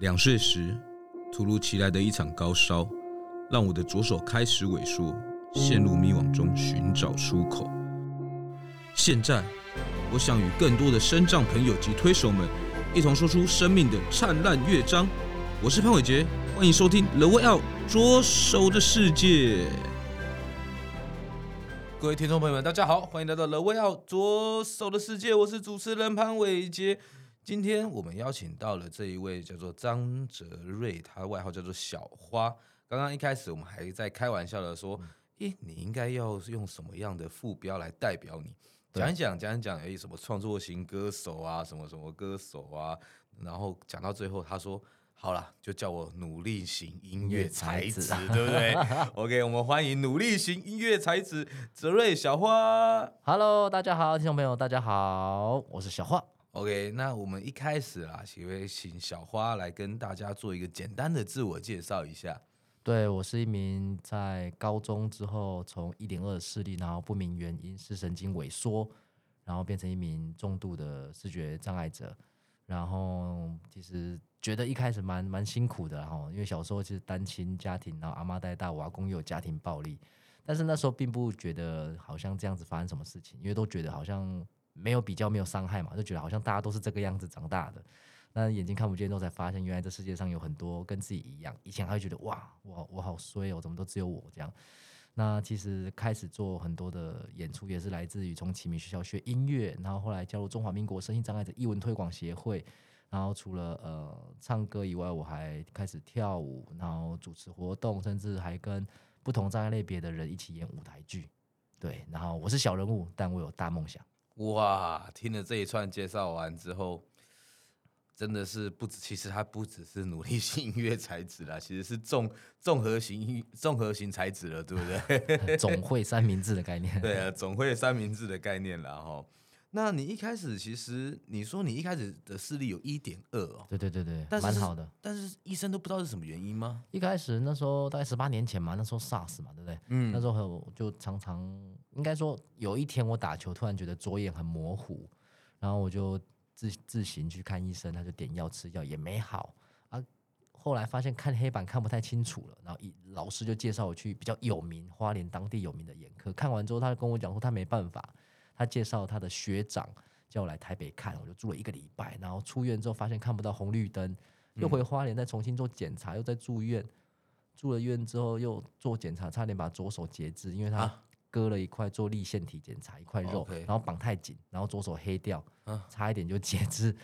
兩歲時，突如其來的一場高燒，讓我的左手開始萎縮，陷入迷惘中尋找出口。現在，我想與更多的身障朋友及推手們，一同說出生命的燦爛樂章。我是潘偉杰，歡迎收聽《The Way Out：左手的視界》。各位聽眾朋友們，大家好，歡迎來到《The Way Out：左手的視界》，我是主持人潘偉杰。今天我們邀請到了這一位叫做張哲瑞，他外號叫做小花。剛剛一開始我們還在開玩笑的說：“哎、嗯，你應該要用什麼樣的副標來代表你？對講一講，講一講，哎，什麼創作型歌手啊，什麼什麼歌手啊？”然後講到最後，他說：“好啦，就叫我努力型音樂才子，才啊、對不對 ？”OK，我們歡迎努力型音樂才子哲瑞小花。Hello，大家好，聽眾朋友，大家好，我是小花。OK，那我們一開始啊，先請，請小花來跟大家做一個簡單的自我介紹一下。對，我是一名在高中之後，從一點二視力，然後不明原因視神經萎縮，然後變成一名重度的視覺障礙者。然後其實覺得一開始蠻蠻辛苦的哈，因為小時候其實單親家庭，然後阿嬤帶大，我阿公又有家庭暴力，但是那時候並不覺得好像這樣子發生什麼事情，因為都覺得好像。沒有比較，沒有傷害嘛，就覺得好像大家都是這個樣子長大的。那眼睛看不見之後，才發現原來這世界上有很多跟自己一樣。以前還會覺得哇，我我我好衰哦，怎麼都只有我這樣。那其實開始做很多的演出，也是來自於從啟明學校學音樂，然後後來加入中華民國身心障礙者藝文推廣協會。然後除了呃唱歌以外，我還開始跳舞，然後主持活動，甚至還跟不同障礙類別的人一起演舞台劇。對，然後我是小人物，但我有大夢想。哇，聽了這一串介紹完之後，真的是不止，其實他不只是努力型音樂才子了，其實是綜綜合型綜合型才子了，對不對？ 總會三明治的概念，對啊， 總會三明治的概念啦。哈。那你一開始其實你說你一開始的視力有一點二哦，對對對對，蠻是好的。但是醫生都不知道是什麼原因嗎？一開始那時候大概十八年前嘛，那時候 SARS 嘛，對不對？嗯，那時候就常常。應該說，有一天我打球，突然覺得左眼很模糊，然後我就自自行去看醫生，他就點藥吃藥也沒好啊。後來發現看黑板看不太清楚了，然後一老師就介紹我去比較有名花蓮當地有名的眼科，看完之後他就跟我講說他沒辦法，他介紹他的學長叫我來台北看，我就住了一個禮拜，然後出院之後發現看不到紅綠燈，又回花蓮再重新做檢查，嗯、又在住院，住了院之後又做檢查，差點把左手截肢，因為他、啊。割了一塊做粒線體檢查，一塊肉，okay, 然後綁太緊，然後左手黑掉，啊、差一點就截肢，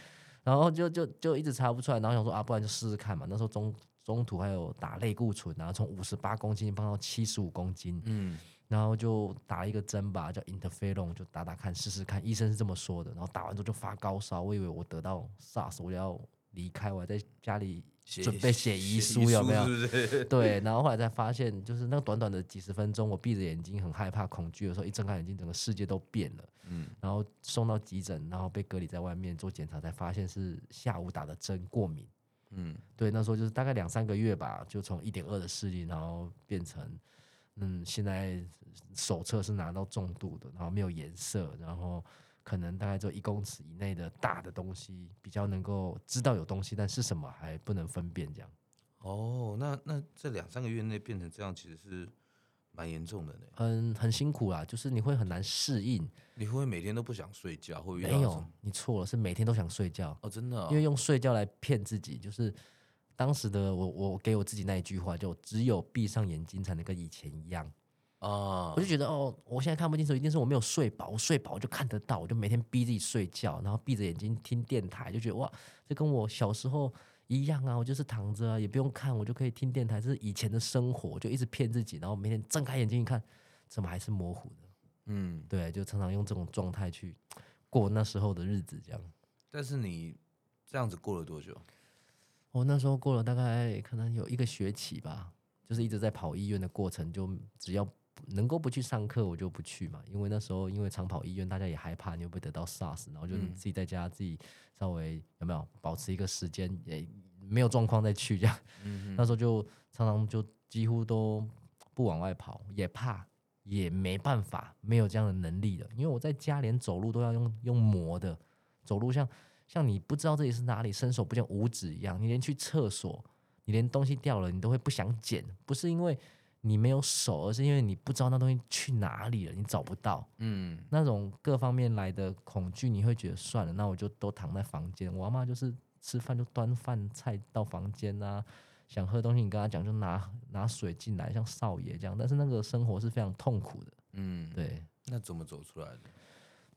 然後就就就一直查不出來，然後想說啊，不然就試試看嘛。那時候中中途還有打類固醇，然後從五十八公斤放到七十五公斤，嗯，然後就打了一個針吧，叫 interferon，、um, 就打打看試試看，醫生是這麼說的。然後打完之後就發高燒，我以為我得到 SARS，我要離開，我在家裡。準備寫遺書，寫遺書有沒有？是不是？對，然後後來才發現，就是那個短短的幾十分鐘，我閉着眼睛很害怕、恐懼的時候，一睜開眼睛，整個世界都變了。嗯，然後送到急診，然後被隔離在外面做檢查，才發現是下午打的針過敏。嗯，對，那時候就是大概兩三個月吧，就從一點二的視力，然後變成嗯，現在手冊是拿到重度的，然後沒有顏色，然後。可能大概就一公尺以內的大的東西比較能夠知道有東西，但是什麼還不能分辨這樣。哦，那那這兩三個月內變成這樣，其實是蠻嚴重的呢。很很辛苦啦，就是你會很難適應。你會不會每天都不想睡覺？會？有沒有，你錯了，是每天都想睡覺哦。真的哦。因為用睡覺來騙自己，就是當時的我，我給我自己那一句話，就只有閉上眼睛才能跟以前一樣。啊，uh, 我就覺得哦，我現在看不清楚，一定是我沒有睡飽。我睡飽我就看得到，我就每天逼自己睡覺，然後閉着眼睛聽電台，就覺得哇，這跟我小時候一樣啊！我就是躺着啊，也不用看，我就可以聽電台，這是以前的生活，就一直騙自己，然後每天睜開眼睛一看，怎麼還是模糊的？嗯，對，就常常用這種狀態去過那時候的日子，這樣。但是你這樣子過了多久？我那時候過了大概可能有一個學期吧，就是一直在跑醫院的過程，就只要。能夠不去上課，我就不去嘛。因為那時候，因為常跑醫院，大家也害怕你會不會得到 SARS，然後就自己在家自己稍微有沒有保持一個時間，也沒有狀況再去這樣。嗯、哼那時候就常常就幾乎都不往外跑，也怕，也沒辦法，沒有這樣的能力了。因為我在家連走路都要用用磨的，走路像像你不知道這裡是哪裡，伸手不見五指一樣。你連去廁所，你連東西掉了，你都會不想撿，不是因為。你沒有手，而是因為你不知道那東西去哪裡了，你找不到。嗯，那種各方面來的恐懼，你會覺得算了，那我就都躺在房間。我阿嬤就是吃飯就端飯菜到房間啊，想喝東西你跟他講就拿拿水進來，像少爺這樣。但是那個生活是非常痛苦的。嗯，對。那怎麼走出來的？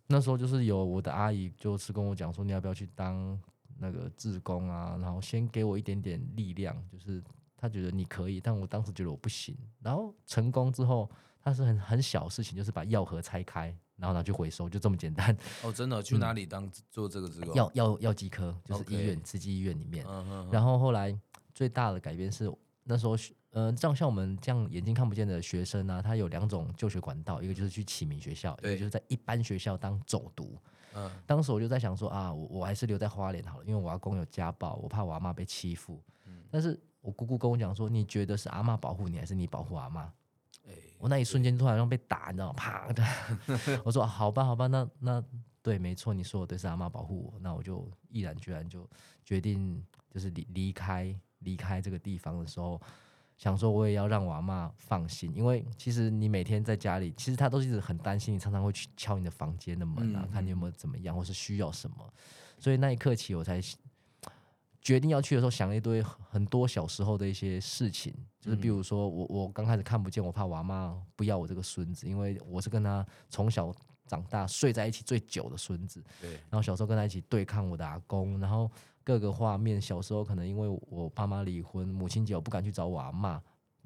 那時候就是有我的阿姨，就是跟我講說，你要不要去當那個志工啊？然後先給我一點點力量，就是。他覺得你可以，但我當時覺得我不行。然後成功之後，他是很很小的事情，就是把藥盒拆開，然後拿去回收，就這麼簡單。哦，真的？去哪裡當、嗯、做這個職？藥藥藥劑科，就是醫院，慈濟 Okay. 醫院裡面。Uh huh huh. 然後後來最大的改變是，那時候，嗯、呃，像像我們這樣眼睛看不見的學生呢、啊，他有兩種就學管道，一個就是去啟明學校，對，一個就是在一般學校當走讀。嗯、uh。Huh. 當時我就在想說啊我，我還是留在花蓮好了，因為我阿公有家暴，我怕我阿媽被欺負。嗯、但是。我姑姑跟我講說：“你覺得是阿嬤保護你，還是你保護阿嬤？”欸、我那一瞬間突然被打，對你知道嗎？啪的！ 我說：“好吧，好吧，那那對，沒錯，你說的對，是阿嬤保護我。”那我就毅然決然就決定，就是離離開離開這個地方的時候，想說我也要讓我阿嬤放心，因為其實你每天在家裡，其實她都一直很擔心你，常常會去敲你的房間的門啊，嗯嗯看你有沒有怎麼樣，或是需要什麼。所以那一刻起，我才。決定要去的時候，想一堆很多小時候的一些事情，就是比如說我我剛開始看不見，我怕我阿嬤不要我這個孫子，因為我是跟他從小長大睡在一起最久的孫子。對。然後小時候跟他一起對抗我的阿公，然後各個畫面，小時候可能因為我爸媽離婚，母親節我不敢去找我阿嬤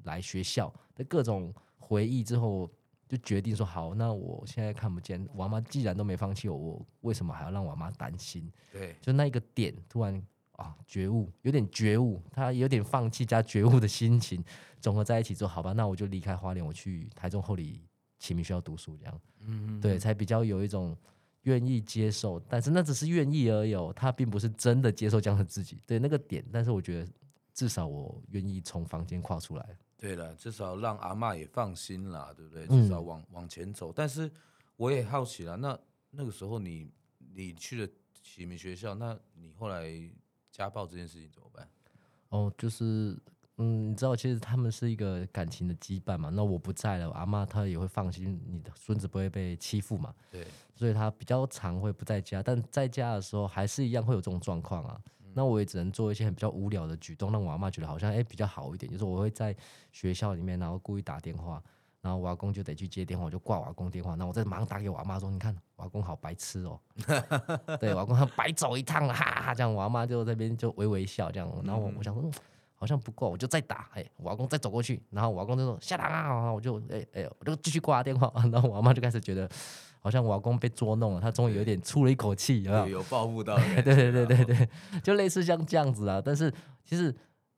來學校的各種回憶之後，就決定說好，那我現在看不見，我阿嬤既然都沒放棄我，我為什麼還要讓我阿嬤擔心？對。就那一個點突然。啊，覺悟有點覺悟，他有點放棄加覺悟的心情，總合在一起，做好吧，那我就離開花蓮，我去台中后里啟明學校讀書，這樣，嗯、嗯，對，才比較有一種願意接受，但是那只是願意而已，他並不是真的接受這樣的自己，對那個點，但是我覺得至少我願意從房間跨出來，對了，至少讓阿嬤也放心啦，對不對？至少往、嗯、往前走，但是我也好奇了，那那個時候你你去了啟明學校，那你後來？家暴這件事情怎麼辦？哦，oh, 就是，嗯，你知道，其實他們是一個感情的羈絆嘛。那我不在了，我阿嬤她也會放心，你的孫子不會被欺負嘛。對，所以她比較常會不在家，但在家的時候還是一樣會有這種狀況啊。嗯、那我也只能做一些很比較無聊的舉動，讓我阿嬤覺得好像誒、欸、比較好一點。就是我會在學校裡面，然後故意打電話。然後我阿公就得去接電話，我就掛我阿公電話，那我再馬上打給我阿媽說：“ 你看我阿公好白痴哦。 ”對，我阿公他白走一趟了，哈哈哈！這樣我阿媽就那邊就微微笑這樣。然後我我想說、嗯哦，好像不夠我就再打，哎，我阿公再走過去，然後我阿公就說下堂啊，我就哎哎，我就繼續掛電話。然後我阿媽就開始覺得好像我阿公被捉弄了，他終於有點出了一口氣，對有,有,有報復到 對，對對對對對，對對 就類似像這樣子啦。但是其實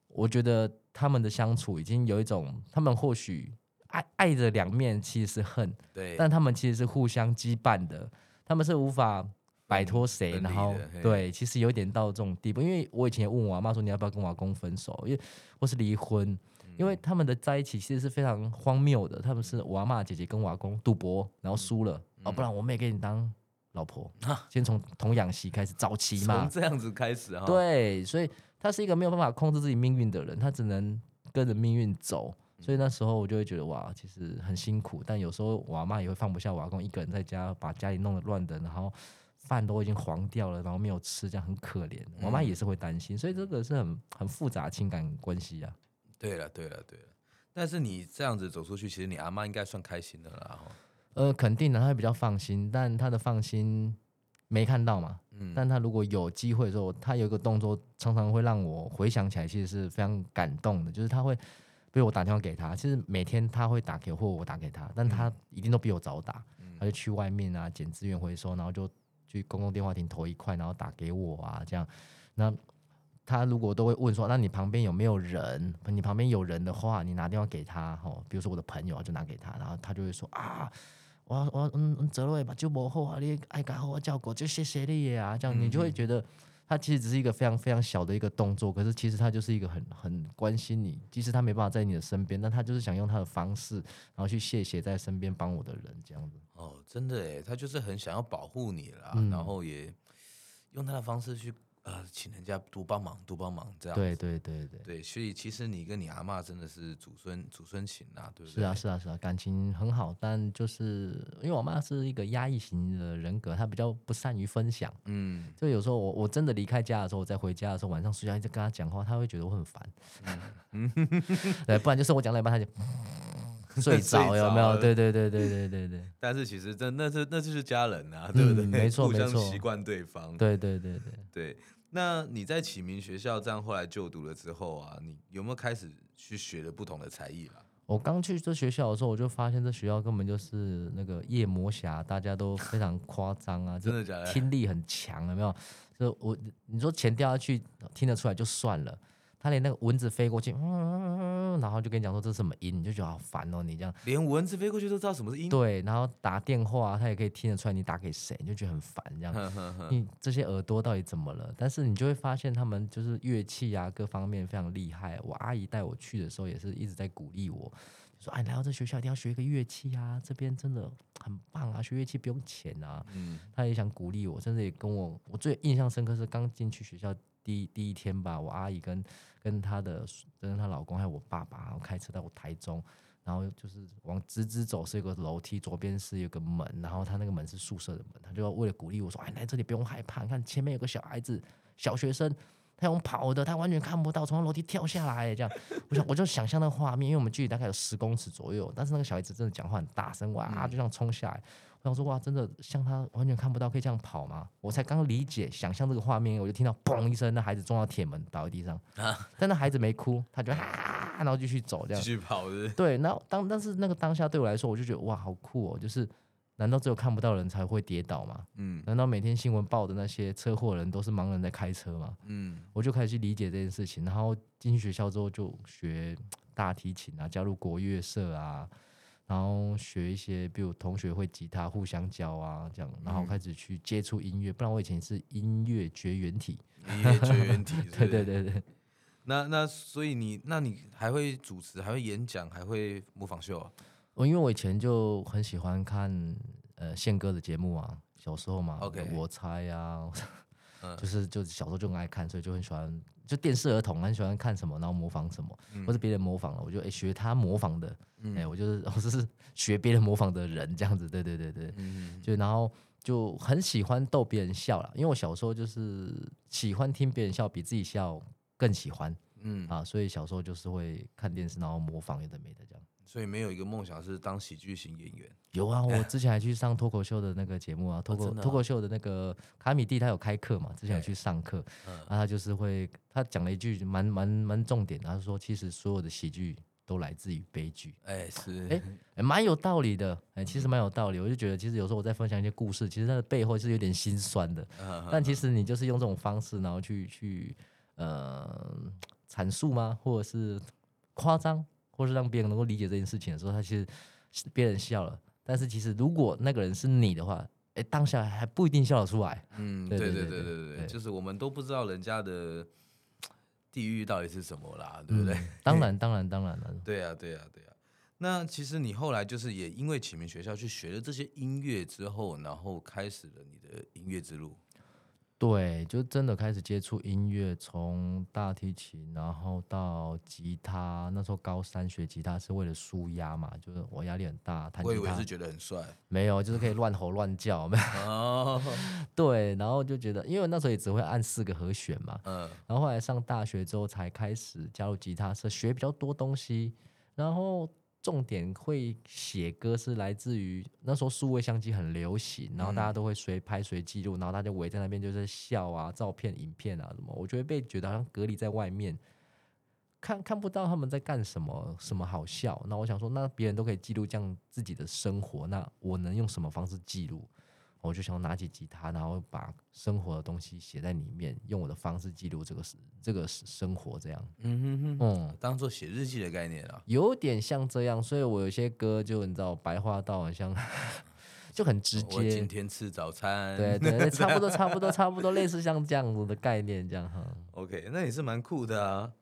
我覺得他們的相處已經有一種，他們或許。愛愛的兩面其實是恨，對但他們其實是互相羈絆的，他們是無法擺脫誰，然後嘿對，其實有點到這種地步。因為我以前問我阿嬤說，你要不要跟我阿公分手？因為或是離婚，嗯、因為他們的在一起其實是非常荒謬的。他們是我阿嬤姐姐跟我阿公賭博，然後輸了，嗯、哦。不然我妹給你當老婆，啊，先從童養媳開始，早期嘛，從這樣子開始哈，對，所以他是一個沒有辦法控制自己命運的人，他只能跟着命運走。所以那時候我就會覺得哇，其實很辛苦，但有時候我阿嬤也會放不下我阿公一個人在家，把家裡弄得亂的，然後飯都已經黃掉了，然後沒有吃，這樣很可憐。嗯、我媽也是會擔心，所以這個是很很複雜的情感關係啊對。對了對了對了，但是你這樣子走出去，其實你阿媽應該算開心的了哈。呃，肯定的，她會比較放心，但她的放心沒看到嘛。嗯，但她如果有機會的時候，她有一個動作，常常會讓我回想起來，其實是非常感動的，就是她會。被我打電話給他，其實每天他會打給我或我打給他，但他一定都比我早打，嗯、他就去外面啊撿資源回收，然後就去公共電話亭投一塊，然後打給我啊這樣。那他如果都會問說，那你旁邊有沒有人？你旁邊有人的話，你拿電話給他吼，比如說我的朋友啊，就拿給他，然後他就會說啊，我我嗯嗯，哲瑞吧，就、嗯、無好啊，你愛給我啊，照顧就謝謝你啊，這樣你就會覺得。嗯他其實只是一個非常非常小的一個動作，可是其實他就是一個很很關心你。即使他沒辦法在你的身邊，但他就是想用他的方式，然後去謝謝在身邊幫我的人這樣子。哦，真的哎，他就是很想要保護你啦，嗯、然後也用他的方式去。呃，請人家多幫忙，多幫忙這樣子。對對對對對，所以其實你跟你阿嬤真的是祖孫祖孫情啊，對不對？是啊是啊是啊，感情很好，但就是因為我媽是一個壓抑型的人格，她比較不善於分享。嗯，就有時候我我真的離開家的時候，我再回家的時候晚上睡覺一直跟她講話，她會覺得我很煩。嗯嗯，對，不然就是我講了一半，她就、嗯、睡着有沒有？對對對對對對，對。但是其實這那，那是那就是家人啊，對不對？沒錯、嗯、沒錯，習慣對方。對對對對對。對那你在啟明學校這樣後來就讀了之後啊，你有沒有開始去學了不同的才藝啦、啊？我剛去這學校的時候，我就發現這學校根本就是那個夜魔俠，大家都非常誇張啊， 真的假的？聽力很強，有沒有？就我，你說錢掉下去聽得出來就算了。他連那個蚊子飛過去嗯嗯，嗯，然後就跟你講說這是什麼音，你就覺得好煩哦。你這樣連蚊子飛過去都知道什麼是音，對。然後打電話，他也可以聽得出來你打給誰，你就覺得很煩，這樣，呵呵呵，你這些耳朵到底怎麼了？但是你就會發現他們就是樂器啊，各方面非常厲害。我阿姨帶我去的時候也是一直在鼓勵我，說哎，來到這學校一定要學一個樂器啊，這邊真的很棒啊，學樂器不用錢啊。嗯。他也想鼓勵我，甚至也跟我。我最印象深刻是剛進去學校。第一第一天吧，我阿姨跟跟她的，跟她老公還有我爸爸，開車到我台中，然後就是往直直走，是一個樓梯，左邊是一個門，然後他那個門是宿舍的門，他就為了鼓勵我說，哎，來這裡不用害怕，你看前面有個小孩子，小學生，他用跑的，他完全看不到，從樓梯跳下來這樣，我想我就想象那畫面，因為我們距離大概有十公尺左右，但是那個小孩子真的講話很大聲，哇，就像衝下來。嗯我說哇，真的像他完全看不到可以這樣跑嗎？我才剛理解想象這個畫面，我就聽到嘣一聲，那孩子撞到鐵門，倒在地上。啊！但那孩子沒哭，他就啊，然後繼續走，這樣繼續跑是不是？對。然後當但是那個當下對我來說，我就覺得哇，好酷哦！就是難道只有看不到的人才會跌倒嗎？嗯。難道每天新聞報的那些車禍人都是盲人在開車嗎？嗯。我就開始去理解這件事情，然後進去學校之後就學大提琴啊，加入國樂社啊。然後學一些，比如同學會吉他，互相教啊，這樣，然後開始去接觸音樂。嗯、不然我以前是音樂絕緣體，音樂絕緣體是是。 對對對對那，那那所以你那你還會主持，還會演講，還會模仿秀啊？我因為我以前就很喜歡看呃憲哥的節目啊，小時候嘛。OK，我猜呀。 就是就小時候就很愛看，所以就很喜歡，就電視兒童很喜歡看什麼，然後模仿什麼，或者別人模仿了，我就、欸、學他模仿的，嗯欸、我就是我是學別人模仿的人這樣子，對對對對，就然後就很喜歡逗別人笑了，因為我小時候就是喜歡聽別人笑，比自己笑更喜歡，嗯啊，所以小時候就是會看電視，然後模仿有的沒的這樣子。所以沒有一個夢想是當喜劇型演員。有啊，嗯、我之前還去上脫口秀的那個節目啊，脫、啊、口脫、啊、口秀的那個卡米地他有開課嘛，之前有去上課，欸嗯、那他就是會他講了一句蠻蠻蠻重點，他說其實所有的喜劇都來自於悲劇。哎、欸、是哎蠻、欸、有道理的哎、欸，其實蠻有道理。嗯、我就覺得其實有時候我在分享一些故事，其實它的背後是有點心酸的。嗯、但其實你就是用這種方式然後去去呃闡述嗎？或者是誇張？或是讓別人能夠理解這件事情的時候，他其實別人笑了，但是其實如果那個人是你的話，哎、欸，當下還不一定笑得出來。嗯，對對對對對，就是我們都不知道人家的地獄到底是什麼啦，嗯、對不對？當然對當然當然了，啊。對啊對啊對啊。那其實你後來就是也因為啟明學校去學了這些音樂之後，然後開始了你的音樂之路。對，就真的開始接觸音樂，從大提琴，然後到吉他。那時候高三學吉他是為了舒壓嘛，就是我壓力很大，彈吉他。我以為是覺得很帥，沒有，就是可以亂吼亂叫，沒有。哦，對，然後就覺得，因為那時候也只會按四個和弦嘛。嗯。然後後來上大學之後才開始加入吉他社，學比較多東西，然後。重點會寫歌是來自於那時候數位相機很流行，然後大家都會隨拍隨記錄，然後大家圍在那邊就是笑啊，照片、影片啊什麼。我就會被覺得好像隔離在外面，看看不到他們在幹什麼，什麼好笑。那我想說，那別人都可以記錄這樣自己的生活，那我能用什麼方式記錄？我就想拿起吉他，然後把生活的東西寫在裡面，用我的方式記錄這個這個生活，這樣。嗯哼哼，嗯，嗯當做寫日記的概念了。有點像這樣，所以我有些歌就你知道，白話到好像， 就很直接。我今天吃早餐。對對，對，差不多，差不多，差不多， 類似像這樣子的概念，這樣哈。嗯、OK，那你是蠻酷的啊。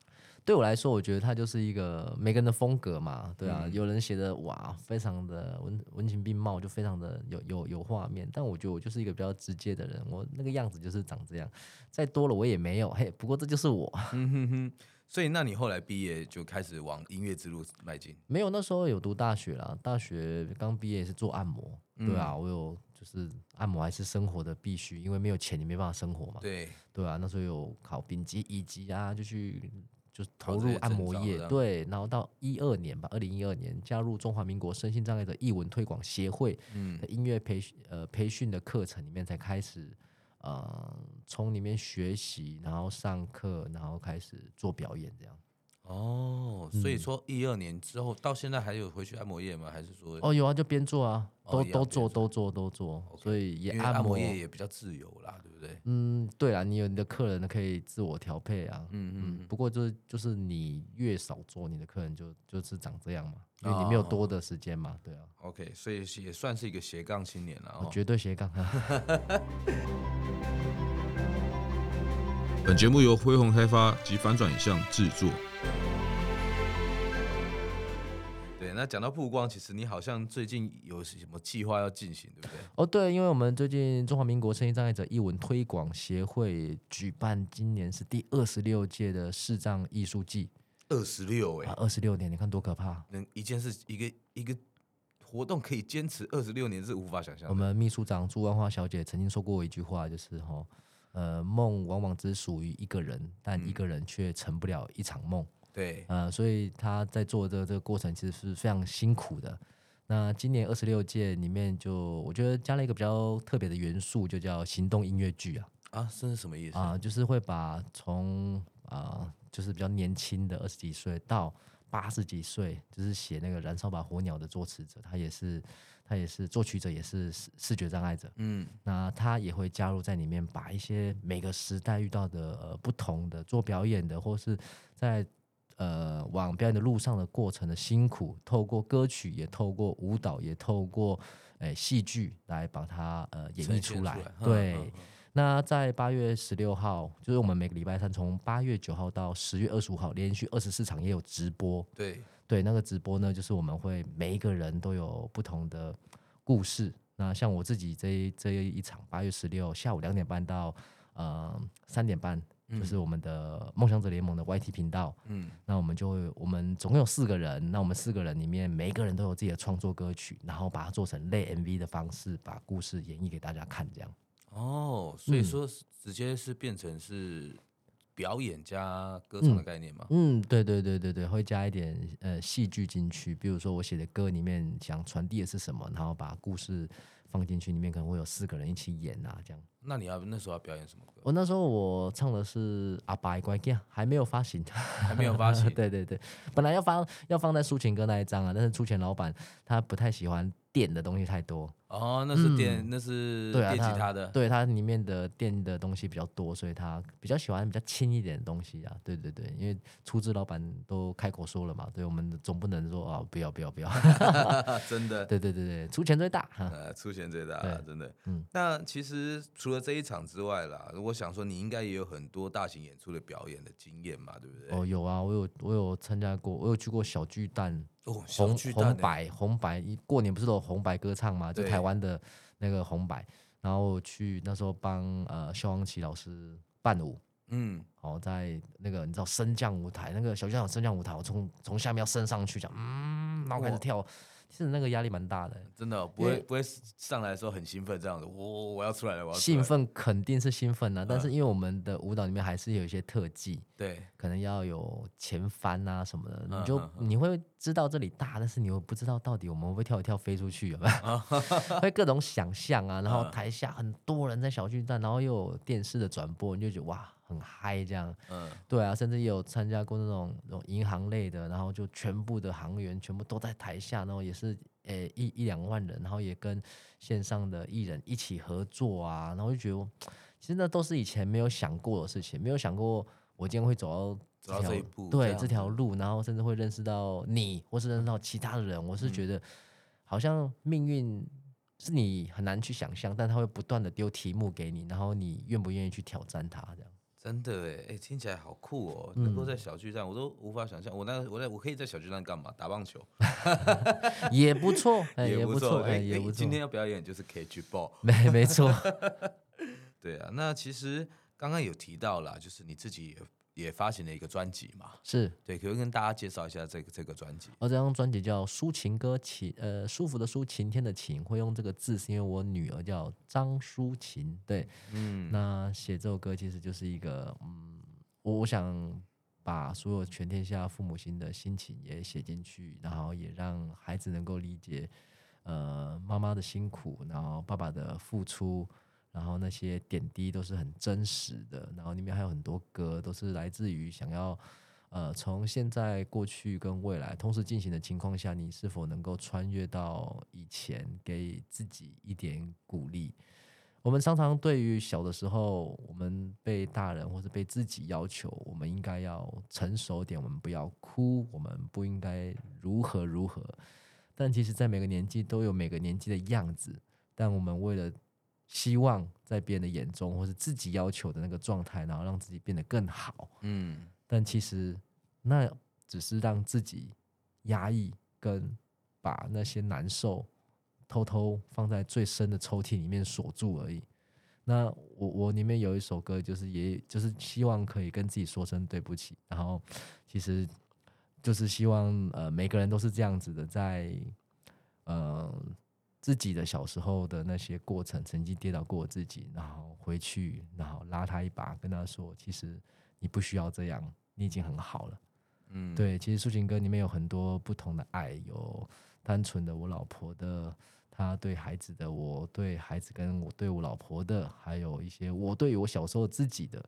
對我來說，我覺得他就是一個每個人的風格嘛，對啊，嗯、有人寫的哇，非常的文文情並茂，就非常的有有有畫面。但我覺得我就是一個比較直接的人，我那個樣子就是長這樣，再多了我也沒有嘿。不過這就是我。嗯、哼哼，所以，那你後來畢業就開始往音樂之路邁進？沒有，那時候有讀大學啦，大學剛畢業是做按摩，嗯、對啊，我有就是按摩還是生活的必須，因為沒有錢你沒辦法生活嘛。對對啊，那時候有考丙級乙級啊，就去。就是投入按摩業，哦、對，然後到一二年吧，二零一二年加入中華民國身心障礙者藝文推廣協會，嗯，音樂培訓、嗯、呃培訓的課程裡面才開始，嗯、呃，從裡面學習，然後上課，然後開始做表演這樣。哦，所以說一二年之後到現在還有回去按摩業嗎？還是說哦有啊，就邊做啊，都都做都做都做，所以也按摩業也比較自由啦，對不對？嗯，對啊。你有你的客人可以自我調配啊。嗯嗯，不過就是就是你越少做，你的客人就就是長這樣嘛，因為你沒有多的時間嘛，對啊。OK，所以也算是一個斜槓青年了，絕對斜槓。本節目由輝洪開發及翻轉影像製作。對，那講到曝光，其實你好像最近有什麼計劃要進行，對不對？哦，對，因為我們最近中華民國身心障礙者藝文推廣協會舉辦，今年是第二十六屆的視障藝術季。二十六哎，二十六年，你看多可怕！能一件事一個一個活動可以堅持二十六年，是無法想象的。我們秘書長朱萬花小姐曾經說過一句話，就是哈，呃，夢往往只屬於一個人，但一個人卻成不了一場夢。嗯對，啊、呃，所以他在做的這個過程，其實是非常辛苦的。那今年二十六屆裡面，就我覺得加了一個比較特別的元素，就叫行動音樂劇啊。啊，這是什麼意思啊、呃？就是會把從啊、呃，就是比較年輕的二十幾歲到八十幾歲，就是寫那個《燃燒吧火鳥》的作詞者，他也是他也是作曲者，也是視視覺障礙者。嗯，那他也會加入在裡面，把一些每個時代遇到的、呃、不同的做表演的，或是在呃，往表演的路上的過程的辛苦，透過歌曲，也透過舞蹈，也透過欸、戲劇，來把它呃演繹出來。出來，對，嗯嗯嗯，那在八月十六號，就是我們每個禮拜三，從八月九號到十月二十五號，連續二十四場也有直播。對，對，那個直播呢，就是我們會每一個人都有不同的故事。那像我自己這一這一場，八月十六下午兩點半到呃三點半。嗯、就是我們的夢想者聯盟的 YT 頻道，嗯，那我們就會，我們總共有四個人，那我們四個人裡面，每一個人都有自己的創作歌曲，然後把它做成類 MV 的方式，把故事演繹給大家看，這樣。哦，所以說直接是變成是表演加歌唱的概念嗎？嗯，對、嗯、對對對對，會加一點呃戲劇進去，比如說我寫的歌裡面想傳遞的是什麼，然後把故事。放進去裡面可能會有四個人一起演啊，這樣。那你要那時候要表演什麼歌？我那時候我唱的是《阿白乖乖》，還沒有發行，還沒有發行。 對對對，本來要放要放在抒情歌那一張啊，但是出錢老板他不太喜歡電的東西太多。哦，那是電，嗯、那是電吉他的，對,、啊、他,對他裡面的電的東西比較多，所以他比較喜歡比較輕一點的東西啊。對對對，因為出資老板都開口說了嘛，所以我們總不能說啊、哦，不要不要不要。不要 真的。對對對對，出錢最大。啊、出錢最大，對真的。嗯。那其實除了這一場之外啦，我想說你應該也有很多大型演出的表演的經驗嘛，對不對？哦，有啊，我有我有參加過，我有去過小巨蛋，哦、小巨蛋紅紅白紅白一過年不是都有紅白歌唱嘛，對就台。玩的那個紅白，然後去那時候幫呃蕭煌奇老師伴舞，嗯，然後在那個你知道升降舞台，那個小劇場升降舞台我，我從從下面要升上去這樣嗯，然後開始跳。其實那個壓力蠻大的、欸，真的、喔、不會、欸、不會上來的時候很興奮這樣子，我我，我要出來了，我要出來了，興奮肯定是興奮吶、啊，嗯、但是因為我們的舞蹈裡面還是有一些特技，對、嗯，可能要有前翻吶、啊、什麼的，嗯、你就、嗯、你會知道這裡大，但是你又不知道到底我們會，不會跳一跳飛出去有沒有，嗯、 會各種想象啊，然後台下很多人在小巨蛋，然後又有電視的轉播，你就覺得哇。很嗨這樣，嗯，對啊，甚至也有參加過那種那種銀行類的，然後就全部的行員全部都在台下，然後也是呃、欸、一一兩萬人，然後也跟線上的藝人一起合作啊，然後就覺得其實那都是以前沒有想過的事情，沒有想過我今天會走到這條路，對，這條樣路，然後甚至會認識到你，或是認識到其他的人，我是覺得、嗯、好像命運是你很難去想象，但他會不斷的丟題目給你，然後你願不願意去挑戰他的。真的哎、欸，誒、欸，聽起來好酷哦、喔！能夠在小巨蛋，嗯、我都無法想象。我那個、我在我可以在小巨蛋幹嘛？打棒球 也不錯，欸、也不錯，欸、也不錯。今天要表演就是 Catchball，沒沒錯錯。 對啊，那其實剛剛有提到啦，就是你自己也。也發行了一個專輯嘛？是，是對，可以跟大家介紹一下這個這個專輯。而這張專輯叫《舒晴歌晴》，呃，舒服的舒，晴天的晴，會用這個字是因為我女兒叫張舒晴，對，嗯，那寫這首歌其實就是一個，嗯，我，我想把所有全天下父母心的心情也寫進去，然後也讓孩子能夠理解，呃，媽媽的辛苦，然後爸爸的付出。然後那些點滴都是很真實的，然後裡面還有很多歌，都是來自於想要，呃，從現在、過去跟未來同時進行的情況下，你是否能夠穿越到以前，給自己一點鼓勵？我們常常對於小的時候，我們被大人或者被自己要求，我們應該要成熟點，我們不要哭，我們不應該如何如何。但其實，在每個年紀都有每個年紀的樣子，但我們為了。希望在別人的眼中，或是自己要求的那個狀態，然後讓自己變得更好。嗯，但其實那只是讓自己壓抑，跟把那些難受偷偷放在最深的抽屜裡面鎖住而已。那我我裡面有一首歌，就是也就是希望可以跟自己說聲對不起。然後其實就是希望呃，每個人都是這樣子的，在嗯、呃。自己的小時候的那些過程，曾經跌倒過我自己，然後回去，然後拉他一把，跟他說：“其實你不需要這樣，你已經很好了。”嗯，對。其實《抒情歌》裡面有很多不同的愛，有單純的我老婆的，他對孩子的我，我對孩子跟我對我老婆的，還有一些我對我小時候自己的，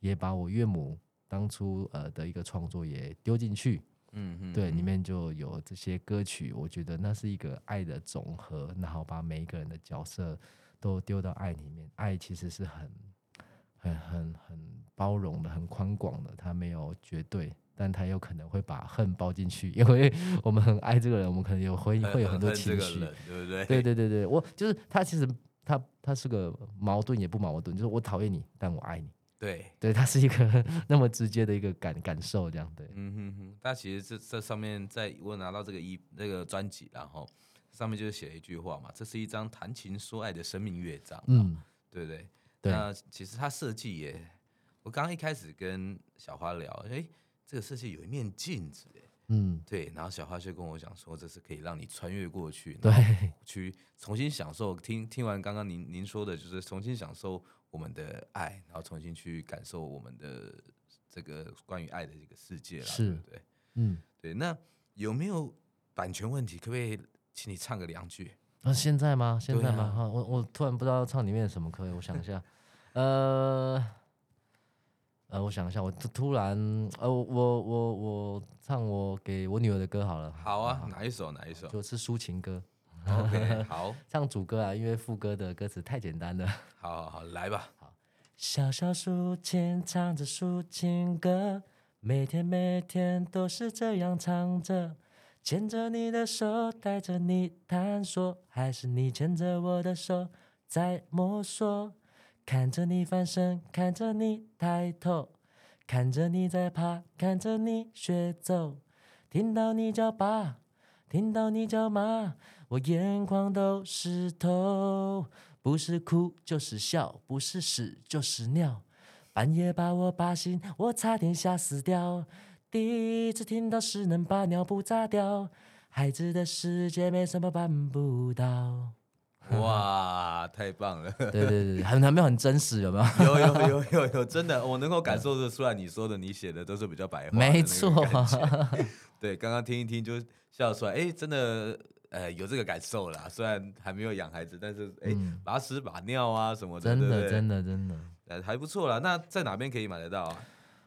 也把我岳母當初呃的一個創作也丟進去。嗯嗯，對，裡面就有這些歌曲，嗯哼，我覺得那是一個愛的總和，然後把每一個人的角色都丟到愛裡面。愛其實是很、很、很、很包容的，很寬廣的，它沒有絕對，但他有可能會把恨包進去，因為我們很愛這個人，我們可能有會會有很多情緒，對不對？對對對對對，我就是他，其實他他是個矛盾也不矛盾，就是我討厭你，但我愛你。對對，它是一個那麼直接的一個感感受這樣對，嗯哼哼，但其實這這上面在我拿到這個一那個專輯，然後上面就寫了一句話嘛，這是一張談情說愛的生命樂章，嗯，對不對？對，那其實它設計也，我剛剛一開始跟小花聊，哎，這個設計有一面鏡子，嗯，對，然後小花就跟我講說，這是可以讓你穿越過去，對，去重新享受。對。聽聽完剛剛您您說的，就是重新享受。我們的愛，然後重新去感受我們的這個關於愛的這個世界了，是對，對，嗯，對。那有沒有版權問題？可不可以請你唱個兩句？呃、現在嗎？現在嗎？哈、啊，我我突然不知道唱裡面什麼歌，我想一下， 呃，呃，我想一下，我突突然，呃，我我我，我唱我給我女兒的歌好了。好啊，啊好哪一首？哪一首？就是舒晴歌。 okay, 好，唱主歌啊，因為副歌的歌詞太簡單了。好好好，來吧。好，小小舒晴唱着舒晴歌，每天每天都是這樣唱着。牽着你的手，帶着你探索，還是你牽着我的手在摸索。看着你翻身，看着你抬頭，看着你在爬，看着你學走。聽到你叫爸，聽到你叫媽。我眼眶都濕透，不是哭就是笑，不是屎就是尿。半夜把我把心，我差點嚇死掉。第一次聽到是能把尿布炸掉。孩子的世界沒什麼辦不到。哇，太棒了！對對對，很很沒有很真實，有沒有？有有有有有，真的，我能夠感受得出來，你說的、你寫的都是比較白話，沒錯。 對，剛剛聽一聽就笑出來，哎，真的。呃，有這個感受啦，雖然還沒有養孩子，但是哎，誒嗯、把屎把尿啊什麼的，真的真的真的，還不錯啦。那在哪邊可以買得到啊？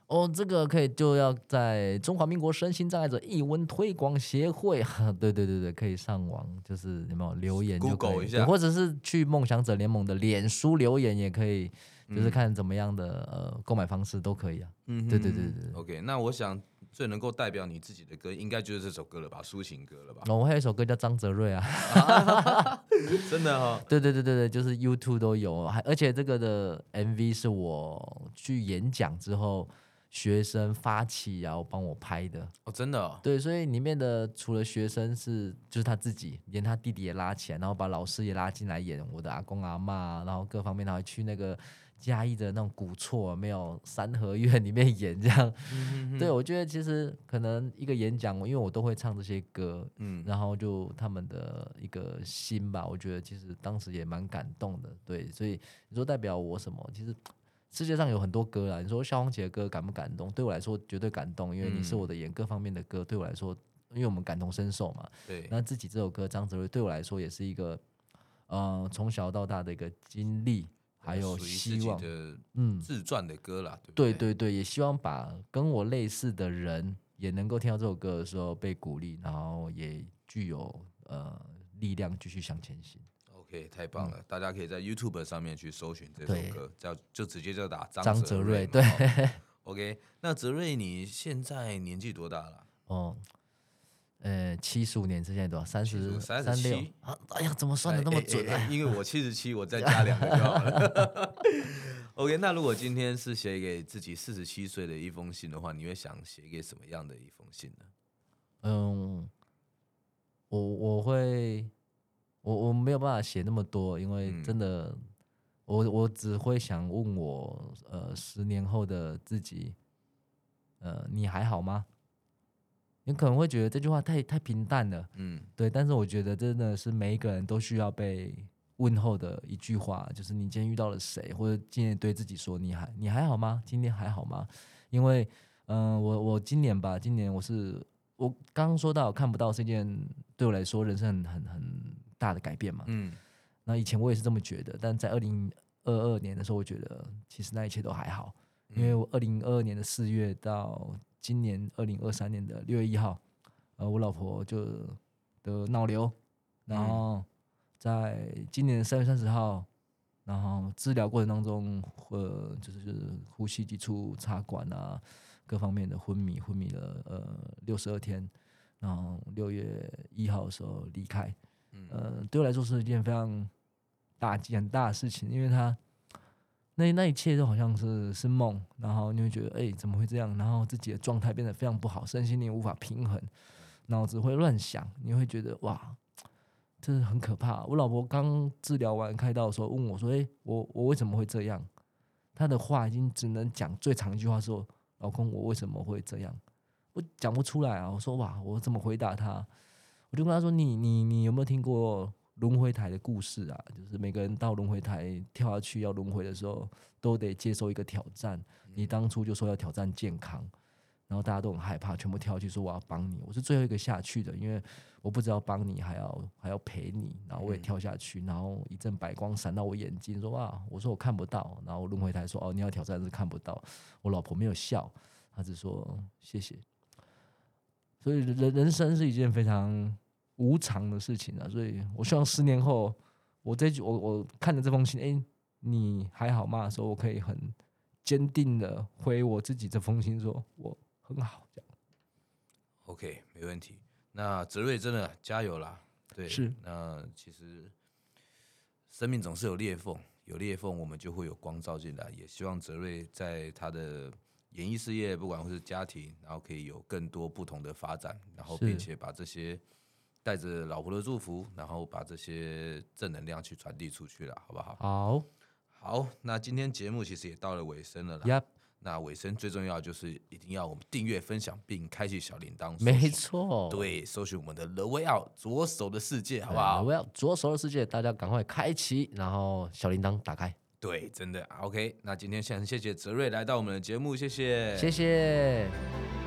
哦，這個可以就要在中華民國身心障礙者藝文推廣協會。對對對對，可以上網，就是你們留言 Google 一下，或者是去夢想者聯盟的臉書留言也可以。就是看怎麼樣的購、嗯呃、買方式都可以啊，嗯哼，對對對對，對，OK，那我想最能夠代表你自己的歌，應該就是這首歌了吧，舒晴歌了吧？那、哦、我還有一首歌叫張哲瑞啊， 真的哦對對對對對，就是 YouTube 都有，還而且這個的 MV 是我去演講之後，學生發起然後幫我拍的哦，真的？哦，對，所以裡面的除了學生是就是他自己，連他弟弟也拉起來，然後把老師也拉進來演我的阿公阿嬤，然後各方面然後去那個。嘉義的那種古厝，沒有三合院裡面演這樣。嗯、哼哼對，我覺得其實可能一個演講，我因為我都會唱這些歌，嗯，然後就他們的一個心吧，我覺得其實當時也蠻感動的。對，所以你說代表我什麼？其實世界上有很多歌啊，你說蕭煌奇的歌感不感動？對我來說絕對感動，因為你是我的演、嗯、各方面的歌，對我來說，因為我們感同身受嘛。對，那自己這首歌，張哲瑞對我來說也是一個，嗯、呃，從小到大的一個經歷。還有希望的，自傳的歌了，對對對，也希望把跟我類似的人也能夠聽到這首歌的時候被鼓勵，然後也具有呃力量繼續向前行。OK，太棒了，大家可以在 YouTube 上面去搜尋這首歌，叫就直接就打張張哲瑞。對，OK，那哲瑞你現在年紀多大了？哦。呃，七十五年是現在多少？三十三十六啊。哎呀，怎麼算的那麼準啊、哎哎哎哎。因為我七十七，我再加兩個就好了。 OK，那如果今天是寫給自己四十七歲的一封信的話，你會想寫給什麼樣的一封信呢？嗯，我我會，我我沒有辦法寫那麼多，因為真的，嗯、我我只會想問我，呃，十年後的自己，呃，你還好嗎？你可能會覺得這句話太太平淡了，嗯，對，但是我覺得真的是每一個人都需要被問候的一句話，就是你今天遇到了誰，或者今天對自己說，你還你還好嗎？今天還好嗎？因為，嗯、呃，我我今年吧，今年我是我剛剛說到看不到是一件對我來說人生很很很大的改變嘛，嗯，那以前我也是這麼覺得，但在二零二二年的時候，我覺得其實那一切都還好，嗯、因為我二零二二年的四月到。今年二零二三年的六月一號，呃，我老婆就得腦瘤，然後在今年三月三十號，然後治療過程當中，呃，就是、就是、呼吸急促插管啊，各方面的昏迷，昏迷了呃六十二天，然後六月一號的時候離開，嗯、呃，對我來說是一件非常打擊很大的事情，因為她。那一那一切都好像是是夢，然後你會覺得哎、欸，怎麼會這樣？然後自己的狀態變得非常不好，身心靈無法平衡，腦子會亂想，你會覺得哇，真的很可怕。我老婆剛治療完開刀的時候問我說：“哎、欸，我我為什麼會這樣？”她的話已經只能講最長一句話說：“老公，我為什麼會這樣？”我講不出來啊！我說：“哇，我怎麼回答她？”我就跟她說：“你你你有沒有聽過？”輪迴台的故事啊，就是每個人到輪迴台跳下去要輪迴的時候，都得接受一個挑戰。你當初就說要挑戰健康，然後大家都很害怕，全部跳下去說我要幫你。我是最後一個下去的，因為我不知道幫你還要還要陪你，然後我也跳下去，然後一陣白光閃到我眼睛，說哇、啊，我說我看不到。然後輪迴台說哦，你要挑戰是看不到。我老婆沒有笑，她只說謝謝。所以人人生是一件非常。無常的事情啊，所以我希望十年後我我，我這句我我看着這封信，誒、欸，你還好嗎？所以我可以很堅定的回我自己這封信，說我很好。這樣，OK，沒問題。那哲瑞真的加油啦！對，是。那其實，生命總是有裂縫，有裂縫我們就會有光照進來。也希望哲瑞在他的演藝事業，不管或是家庭，然後可以有更多不同的發展，然後並且把這些。帶着老婆的祝福，然後把這些正能量去傳遞出去了，好不好？好，好，那今天節目其實也到了尾聲了啦。Yep 那尾聲最重要就是一定要我們訂閱、分享並開啟小鈴鐺。沒錯，對，搜尋我們的 The Way Out 左手的視界，好不好？The Way Out 左手的視界，大家趕快開啟，然後小鈴鐺打開。對，真的、啊。OK，那今天先謝謝哲瑞來到我們的節目，謝謝，謝謝。